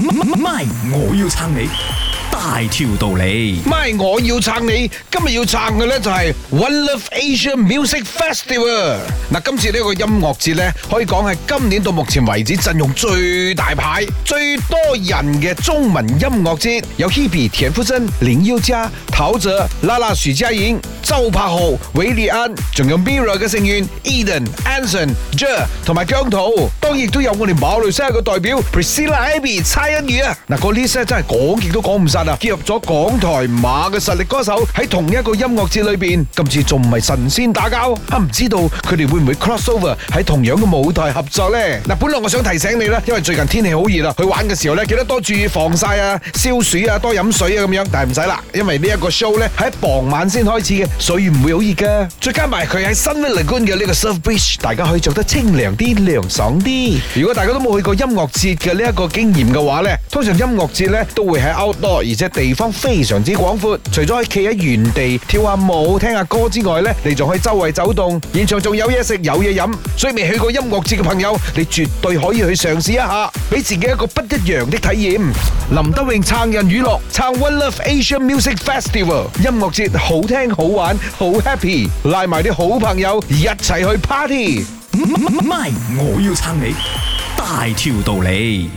唔，唔，ai，我要撐你。大條道理，咪我要撐你。今日要撐嘅咧就係 One Love Asia Music Festival。嗱，今次呢個音樂節咧，可以講係今年到目前為止陣容最大牌、最多人嘅中文音樂節。有 Hebe、田馥甄、林宥嘉、陶喆、拉拉、徐佳瑩、周柏豪、韋禮安，仲有 Mirror 嘅成員，Eden、Anson、Jer 同埋姜濤。當然都有我哋馬來西亞嘅代表 Priscilla Abby 蔡恩雨啊。嗱，個 list 真係講極都講唔晒啦。結合咗港台馬嘅實力歌手喺同一個音樂節裏邊，今次仲唔係神仙打交啊？唔知道佢哋會唔會 cross over 喺同樣嘅舞台合作呢？嗱、啊，本來我想提醒你呢，因為最近天氣好熱啊，去玩嘅時候呢，記得多注意防曬啊、消暑啊、多飲水啊咁樣。但係唔使啦，因為呢一個 show 呢喺傍晚先開始嘅，所以唔會好熱噶。再加埋佢喺 Sunway Lagoon 嘅呢個 surf beach，大家可以着得清涼啲、涼爽啲。如果大家都冇去過音樂節嘅呢一個經驗嘅話呢，通常音樂節呢都會喺 outdoor 只地方非常之廣闊，除咗可以企喺原地跳下舞、聽下歌之外呢，你仲可以周圍走動。現場仲有嘢食、有嘢飲。所以未去過音樂節嘅朋友，你絕對可以去嘗試一下，俾自己一個不一樣的體驗。林德榮撐人娛樂撐 One Love Asia Music Festival 音樂節，好聽、好玩、好 happy，拉埋啲好朋友一齊去 party。唔係，我要撐你，大條道理。